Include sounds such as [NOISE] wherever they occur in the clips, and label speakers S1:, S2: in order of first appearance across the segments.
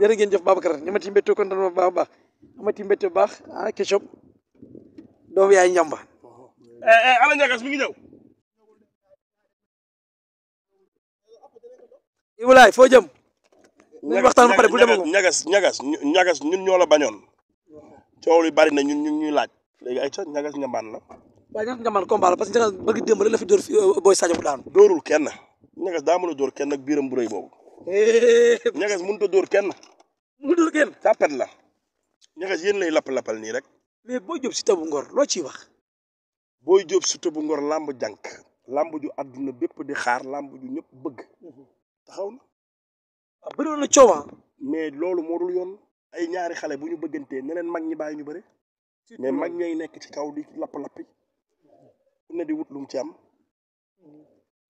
S1: jërë ngeen jëf Babacar amati mbétte kontaan ma baax a baax amati mbétte bu baax ah Ketchup doomu yaay njamba. Eh, eh, Ala Ndiagas mi ngi ñëw. Ibrahima foo jëm. nañ waxtaan ba pare bu demee ko ñagas ñagas ñagas ñun ñoo la bañoon. coow li bari ñun ñun ñuy laaj. léegi ay ca ñagas njambaan la. waaw ñagas njambaan combat la parce que ñagas bëgg démb rek la fi dóor booy Sadio bu daanu. dóorul kenn ñagas daa mën a dóor kenn ak biiram bu rëy boobu. Eh. ñagas mënut a dóor kenn. mënut a dóor kenn. sàppet la. ñagas yéen lay lapp-lappal nii rek. mais booy Diop si bu Ngor loo ciy wax. boo Diop si bu Ngor làmb jànk. làmb ju àdduna bépp di xaar làmb ju ñëpp bëgg. Mhm. taxaw na. ah bëri woon na ah. mais loolu moo dul yoon. ay ñaari xale bu ñu bëggantee ne mag ñi bàyyi ñu bëri. mais mag ñay nekk ci kaw di lapp-lappi. ku ne di wut lu mu ci am.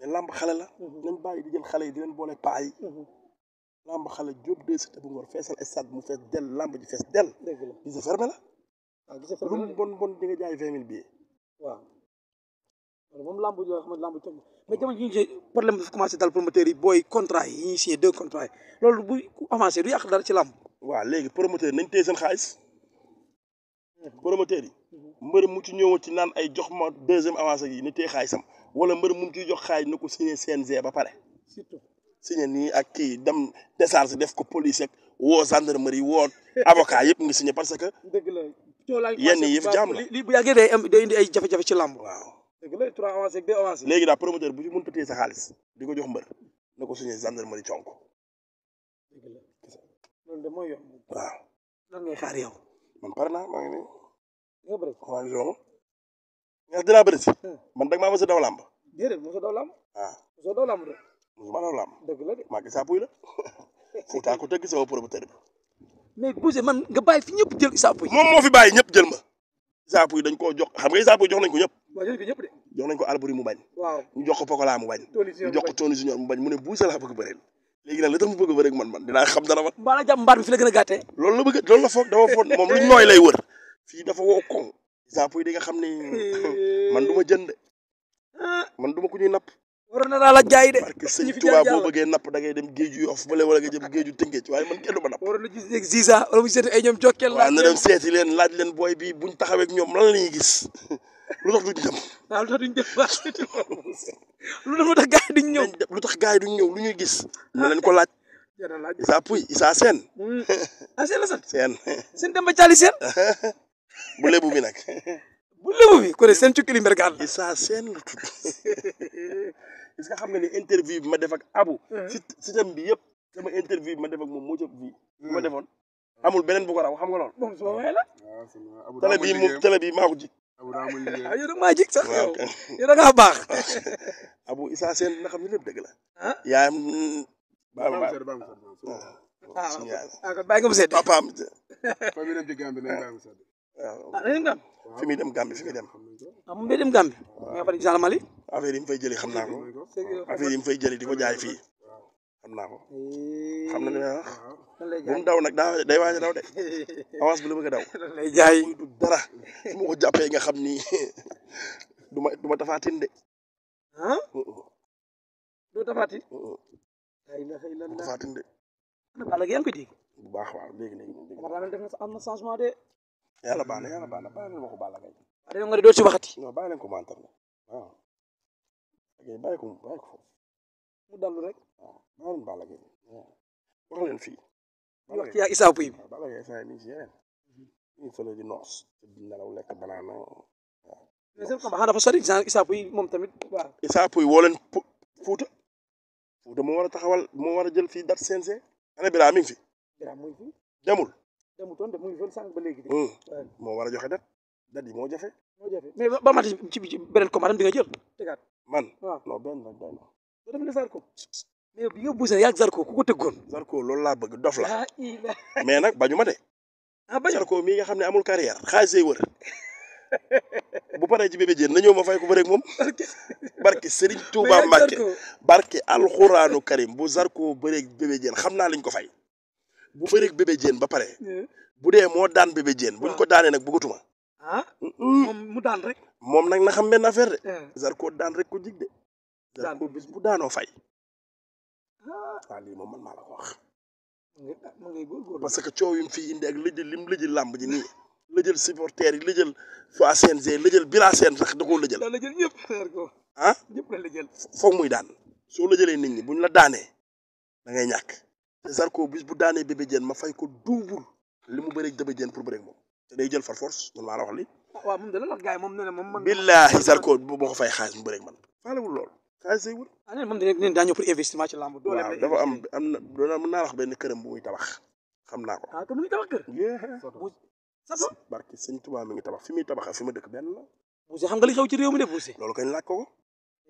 S1: mais làmb xale la. Mhm. nañ bàyyi di jël xale yi di leen boole paa yi. Mhm. làmb xale Diop de Cité bu Ngor feesal stade mu fees dell làmb ji fees dell. dëgg la gise fermé la. waaw ah, bon bon di jaay vingt mille billets. waaw moom làmb joo xam ne làmb coono mais jamono jii ñu problème bi dafa commencé dal promoteur yi booy contrat yi ñuy signé deux contrats yi loolu bu avancé du yàq dara ci làmb. waaw léegi promoteur nañ téye seen xaalis. Mhm. promoteur yi. mbër mu ci ñëwoon ci naan ay jox ma deuxième avancé yi ni tee sam wala mbër mu ciy jox xaay na ko signé CNG ba pare. surtout signé nii ak kii dem décharge def ko police ak woo gendarmerie woo avocat yëpp ngi signé parce que. dëgg la coolaay yenn yëf jàmm la li bu yàggee day am day indi ay jafe-jafe ci làmb. waaw la trois avancé ak deux avancé. léegi daal promoteur bu ci mun a téye sa xaalis di ko jox mbër na ko signé gendarmerie conk. dëgg la loolu de mooy yomb. waaw lan ngay xaar nga bëri waaw yow. Hmm. man dag maa mos a daw làmb. déedéet mos a daw làmb. waaw ah. a daw làmb de. mosuma daw làmb. dëgg la de maa ngi saapuy la. [LAUGHS] Fouta ko tëgg sama promoteur bi. mais Boucher man nga bàyyi fi ñëpp jël saapuy. moom moo fi bàyyi ñëpp jël ma. saapuy dañ koo jox xam nga saapuy jox nañ ko ñëpp. jox nañ ko Albouri mu bañ. jox ko Pokola mu bañ. jox Tony Junior mu bañ mu ne Boucher laa bëgg bëreel léegi nag la mu bëgg ba rek man man dinaa xam dara man. mbaa la jàpp bi fi la gën a gàttee. loolu la bëgg loolu la foog dafa foog moom lu nooy lay wër. fii dafa woo koŋ. saabu yi nga xam ne [LAUGHS] man du ma jënd. Ah. man du ma ku ñuy napp. waroon na daal a jaay de. parce que sëñ Tuubaa boo bëggee napp da ngay dem géeju Yoff bële wala nga jëm géeju waaye man kenn du ma wala mu seeti ay ñoom Jokkel. laaj leen waaw na leen laaj leen booy bi bu taxawee ak ñoom lan la ñuy gis [LAUGHS] lu tax duñ dem. waaw lu tax duñ dem waaw [LAUGHS] lu tax gaa yi duñ ñëw. lu tax gaa yi duñ ñëw lu ñuy gis. na ko laaj. Isaa Pouy Isaa Seen. ah Seen la sant. Seen. dem ba Thiali Seen. bu lébu bi nag. [LAUGHS] bu lébu bi kon seen cukki li mbir gaal la. Issa la tudd [LAUGHS] est-ce xam nga ni interview bi ma defak Abu. si système bi yëpp sama interview bi ma def ak moom moo ci bi ma hmm. defoon amul beneen bu ko raw xam nga lool. moom soo waay la. waaw ah, télé mu télé bii maa ji. abu daa [LAUGHS] ah, maa jig sax yow baax. abu Issa Sène na xam ne lépp dëgg la. ah yaayam. baax na baax na ah, ah bàyyi nga mu waaw dañu dem. fi muy dem Gambie fi dem. a moom day dem Gambie. waaw affaire yi mu fay jëlee xam naa ko. affaire yi mu fay jëlee di ko jaay fi xam naa ko. Eh. xam na ne wax. bu mu daw nag daa daw de [LAUGHS] avance la bëgg a daw. lay jaay du dara su ma ko nga xam ni [LAUGHS] du ma ma tafaatin de. ah. du tafaatin. du tafaatin de. yaa ngi koy baax waaw léegi léegi. def na am na changement de. yàlla baax na a baax na bàyyi leen waxu Balla Gaye. waaw nga ne doo ci waxati. non bàyyi leen ko mantar la waaw. bàyyi ko bàyyi ko foofu mu dallu rek. waaw bàyyi leen Balla Gaye wax leen fii.
S2: ñu wax bi. waaw
S1: Balla Gaye mhm. Issa mi ngi ci moom tamit waaw. Issa Pouye woo leen Fouta. Fouta moo war a taxawal moo war a jël fii dat CNG. ana Birame mi ngi fi demul. demutoon de muy fël sànq ba léegi. Hmm. moo war a joxe dat dat yi moo jafe. moo jafe mais ba ma ci ci beneen commande bi nga jël tegaat. man non benn benn benn. ba dem ne Zarko. mais bi nga buuse yàgg Zarko ku ko tëggoon. Zarko loolu laa bëgg dof la. mais nag bañu ma de. ah bañu Zarko mii nga xam ne amul carrière xaalis day wër. [LAUGHS] bu paree ci bébé jën na ñëw ma fay ko bëreeg moom barke Serigne [LAUGHS] Touba Mbacke barke alxuraanu Karim bu Zarko bëreeg bébé jën xam naa liñ ko fay. bu bëreeg bébé jéen ba pare. bu dee moo daan bébé jéen. buñ ko daanee nag bëggatuma. ah moom mu daan rek. moom nag na xam benn affaire de. Zarko daan rek ko jig de. Zarko bu daanoo fay. Ah. waaw lii moom man maa la ko wax. parce que coow yi mu fi indi ak lëjël lim lëjël làmb ji nii. lëjël supporter yi lëjël waa CNG lëjël bira CNG sax dako koo lëjël. da lëjël ñëpp ah ñëpp la lëjël. foog muy daan soo lëjëlee nit ñi buñ la daanee dangay ngay ñàkk. Zarko bis bu daanee Bébé Diène ma fay ko double li mu bëreeg Bébé Diène pour bëreeg moom te day jël far force man maa la wax li ah, waaw moom de la gars yi moom nee moom boo ko fay xaalis mu bëreeg man. faalewul loolu xaalis day wut. ah nee na moom dañu ne daa ñëw pour naa wax benn këram bu muy tabax xam naa ko. Ah, mu ngi tabax kër. muy tabax fi ma dëkk benn la. Bousse xam nga li xew ci réew mi de Bousse. loolu kañ laaj ko ko.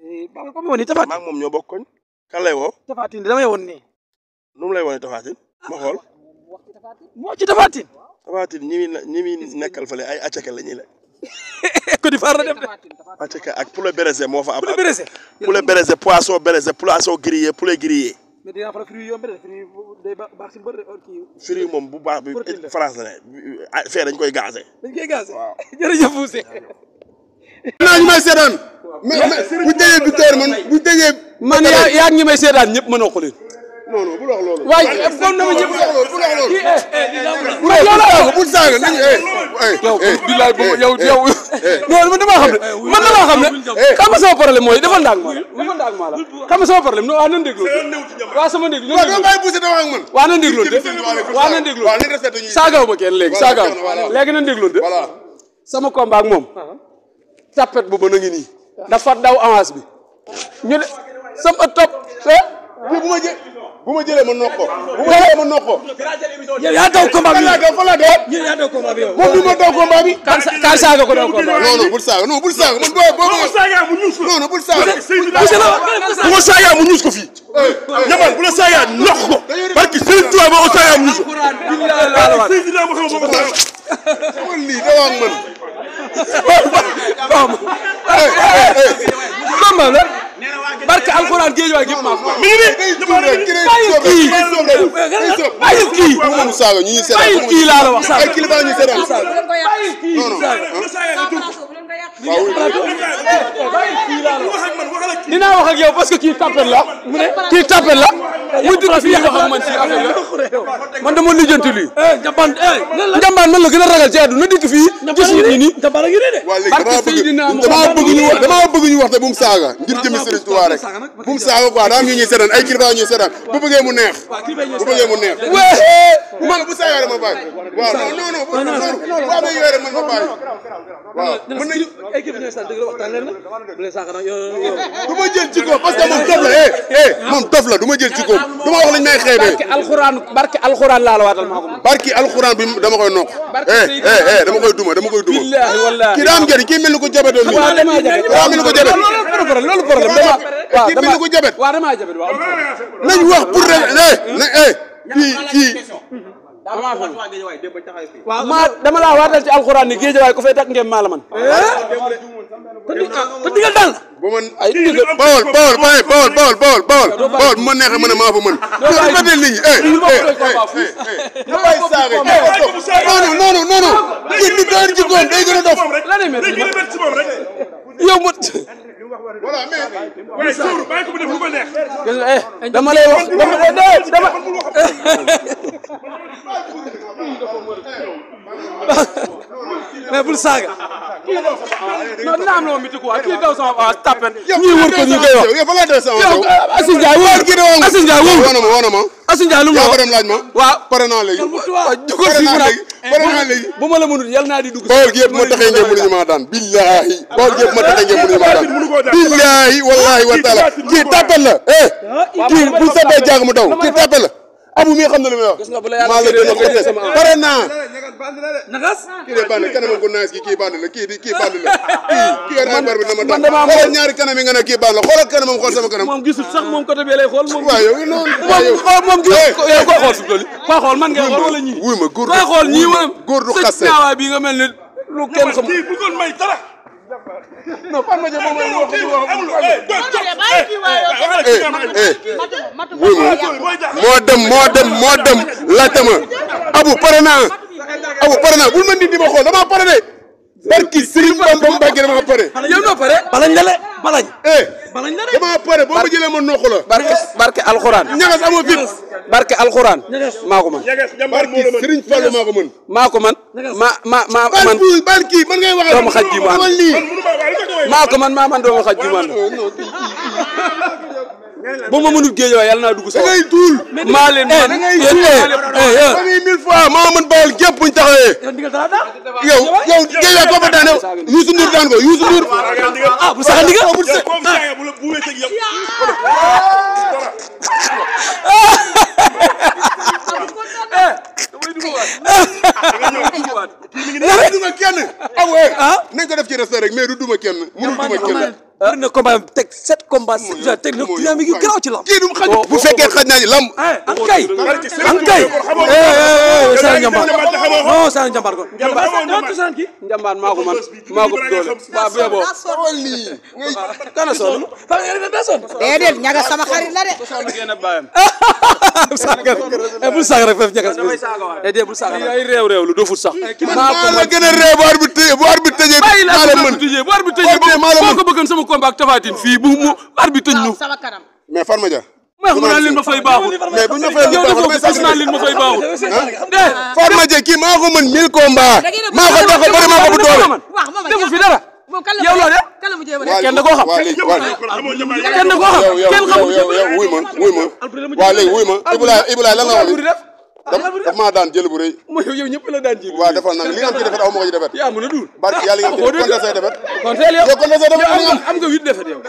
S1: Eh, moom ñoo bokk koñ. kan lay woo. Tapha Tine damay woon nii. nu mu lay wane Tapha Tine ma ah, xool. moo ci Tapha Tine. Tapha Tine ñi muy ñi muy nekkal fële ay acaka la ñuy la. [LAUGHS] Côte d'Ivoire la dem de. acaka ak poulet braisé moo fa am. poulet braisé poulet braisé poisson braisé poisson grillé poulet grillé. mais dinaa faral fruits yomb de fruits day baax si mbër kii. fruits moom bu baax bi France la ne ah, fee dañ koy gazé. dañ koy gazé [LAUGHS] jërëjëf Ousseyn. naa ñu may seetaan. mais bu tëjee bu tër man bu tëjee. man yaa yaa ngi may seetaan ñëpp mënoo ko leen. non non bu wax loolu. waaye kon na ma ñëpp bu wax loolu. Eh, eh, bu wax loolu bu saaga nañu eh, eh. yow bilaay boobu yow yow. non man damaa xam ne man damaa xam ne xam nga sama problème mooy dafa ndaag maa la dafa ndaag maa la xam nga sama problème non waaw nan déglu waaw sama déglu waaw doo bàyyi buuse dama ak man waaw nan déglu de waaw nan déglu saagaaw ma kenn léegi saagaaw léegi nan déglu de sama combat ak moom tapet bu ba na ngi nii dafa daw avance bi ñu de sama top bu ma jë bu ma jëlee ma noq ko bu ma jëlee ma noq ko. yow yaa daw combat bi yow fan laa daw yow yaa daw combat bi yow. moom bi ma daw combat bi. kan saaga ko daw combat bi. non non bul saaga non bul saaga man boo boo. non non bul saaga. bu ma saaga mu ñuus ko fii. ñamal bu la saaga noq ko. parce que Serigne Touba boo ko saaga mu ñuus ko. man lii da waa man. barke alxuraan géej waay gépp maa ko mi ngi nii bàyyi kii bàyyi kii laa la wax saaga bàyyi kii dinaa wax ak yow parce que kii tapet la mu ne kii tapet la muy dugg fii wax ak man si affaire yooyu man dama lijjanti lii. njambaan njambaan man la a ragal ci àdduna dikk fii. gis nit ñi nii njambaan a ñu wax damaa saaga. ngir jëmi Serigne Touba rek saaga quoi daa ñu ñuy ay kilifa ñuy seetaan bu bëggee mu neex bu bëggee weere ma bàyyi. waaw non non non non waaw nañu weere man ma bàyyi. waaw mën nañu. ay kii bi ñooy sant dëgg la waxtaan leen na. du ma jël ci góob parce que moom dof la eh eh la du ma jël ci góob du ma wax lañ may xeebee. barki alxuraan barki alxuraan laa la waatal maa ko moom. barki alxuraan bi dama koy noq. eh eh dama koy duma dama koy duma. billaahi wallaahi kii daa am njëriñ kii mel ni ko jabet woon. waaw damaa ko jabet. nañ wax pour rek eh na eh kii kii. waaw maa dama laa waatal ci alxuraan ni géejawaay ku fay takk ngeen maa eh? la man. te digal daal la. bu ma ay digal bawol bawol bawol bawol bawol bawol bawol bawol bu ma neexee ma ne maa fa mën. loolu ba tey nit ñi eh eh ñu eh, eh, bàyyi saa rek non non non non nit ñi daan jikkoon day gën a dof. yow ma. voilà mais. waaye Sow bàyyi ko mu def lu ko neex. dama lay wax dama dama. [LAUGHS] mais bul saaga. non dina am loo miti quoi kii daw sama waa ah, tapet. ñuy wër ko ñu koy wax yow balaa dee sama bu ma la mënul yal naa di dugg. bawol gi yëpp ma ma taxee ngeen mënuñu maa daan billaahi wallaahi wa taala kii tapet la eh, bu sabee jaag mu daw kii tapet abu mi xam na lu muy wax. maa la gën a koy des pare naa. naxas. kii de bànn kanam gu naaj gi kii bànn la kii di kii bànn la [LAUGHS] kii kii yor naa bar bi dama tax xoolal ñaari kanam yi nga ne kii bànn la xoolal kanamam xool sama kanam. moom gisul sax moom côté bi lay xool. waaw yow noonu waaw yow moom gisul ko yow koo xool si loolu. koo xool man nga xool wala ñii. wuy ma góor du góor du xase góor du xase. bi nga mel ni lu kenn xam. kii bu doon may dara. non Pape Madiop moom mooy wax moo dem moo dem moo dem laajte ma Abu pare naa Abu pare naa bul ma nit di ma xool damaa pare de. barki Serigne Bamba Mbacke damaa pare. yow noo pare balañ la le balañ. Eh, balañ la de damaa pare boo ma jëlee ma noq la. barke barke alxuraan. ñagas amoo fit. barke alxuraan maa ko mën. barke Serigne Fallou maa ko man. ban kii man ngay wax ma mënul géej waaye yàlla naa dugg sa da ngay tuul maa leen man eh, da ngay mille fois maa daane Youssou Ndour daan ko Youssou Ndour ah, bu sax ndiga ah, duma kenn. Ah, ah nañ ko def ci restaurant rek mais du duma kenn. mënul duma kenn. bëri na combat teg sept combats sept jours teg na dynamique yu garaaw ci lamb. kii du xaj bu fekkee xaj naa ni lamb. an kay an kay. Sané Ndiambar non Sané Ndiambar kon. Ndiambar Ndiambar maa ko man maa ko doole waaw bu yeboo. kana sonn fa nga sonn. déedéet ñaga sama xarit la de. bu saaga rek faf ñagas bu saaga ay réew réew lu doful sax. maa ko man maa la gën a réew bu arbitre bu arbitre tëjee. maa la mën bu arbitre tëjee boo ko bëggoon sama combat ak Tapha Tine fii bu mu arbitre tëj ñu mais Farma Dia mais xam naa leen ma fay baaxul mais bu ñu fay gis naa leen ma fay baaxul de Farma Dia kii maa ko mën mille combat a ko dox bëri maa ko bu doole defu fi dara yow loo de kenn da koo kenn da koo kenn xamul wuy ma wuy ma waaw léegi wuy ma Ibulaay Ibulaay daf maa daan jël bu rëy mooy yow ñëpp la daan jël waaw defal nag li nga am defet aw ma ko defet yaa mën a duul barki yàlla nga compté defet compté yow compté say defet am nga huit defet yow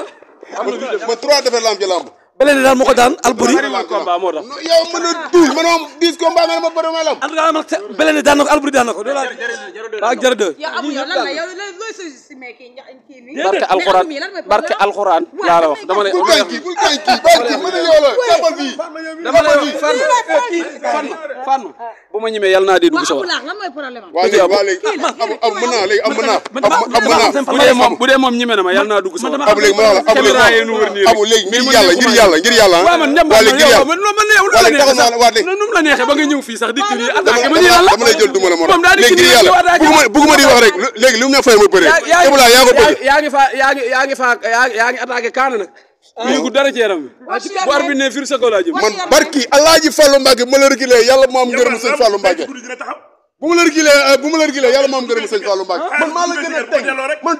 S1: [LAUGHS] am nga trois defet la am ci lamb Bélélé daal moo ko daan Albouri. combat moo tax yow mën na douze man moom dix combat man ma bëri ma lam. en tout cas man Bélélé daan na ko Albouri daan na ko. ak jërë deux. yow amuñu lan la yow looy soosu kii barke alxuraan barke alxuraan laa la wax dama ne. bul kay kii bul kay kii bul kii mën a yow la jàppal fii. dama ne fan fan fan bu ma ñemee yàlla naa di dugg sa wax. waaw léegi waaw léegi am mën naa léegi am mën naa. am mën naa bu dee moom bu dee moom ñeme na ma yàlla naa dugg sa wax. am léegi ma wax la am léegi yàlla ngir yàlla waaw man ñam man yow man man yow la neexee sax waa léegi nu mu la neexee ba nga ñëw fii sax dikk nii attaqué ma nii lan la dama lay jël duma la mo léegi ngir yàlla bëgguma bëgguma di wax rek léegi li mu fay ma bëre Ibra yaa ko bëgg yaa ngi fa ma la reculé yàlla moo am ngërëm ma la reculé bu ma la reculé yàlla moo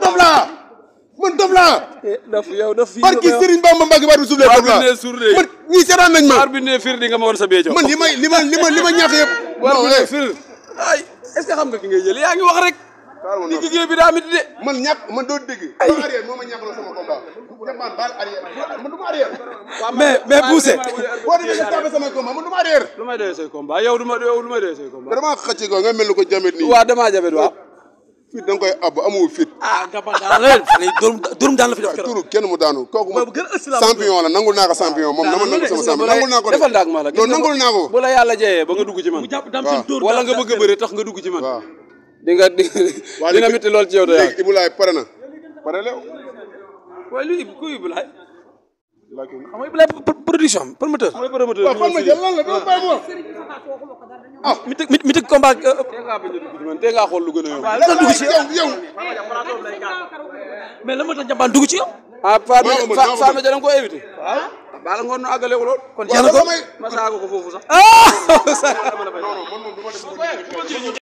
S1: am ah, a man dof laa. dof yow dof fii la barki Serigne Bamba Mbacke baatu suuf lee dof laa man ñii seetaan nañ ma. arbitre ne fir di ma woon sa bee man li ma li ma li ma fir ay est-ce que xam nga ki ngay jël yaa ngi wax rek. ni liggéey bi daa métti de. man ñàkk man doo dégg. ay arrière moo ma ñàkkaloo sama combat. jàppaan baal arrière man du ma arrière. mais mais Bousse. boo demee nga tapé samay combat man du ma arrière. lu may doyee say combat ma yow lu may doyee nga mel ni ko jamet nii. waaw damaa jamet waaw. fit da nga koy ab amoo fit. ah nga daan la leen durum daan la fi def keroog. waaw ah, kenn mu daanu kooku moom champion la nangul naa ko champion moom na ma nangul sama champion nangul naa ko defal ndaag ma la non nangul naa ko bu la yàlla jeyee ba nga dugg nga bëgg a bëri [LAUGHS] dina métti lool ci yow lakin xam production promoteur. ma jël lan la dama bàyyi ma. ah mi tëg mi tëg combat. tey ngaa xool lu gën a yomb. waaw lan dugg ci yow. mais lan ah Fane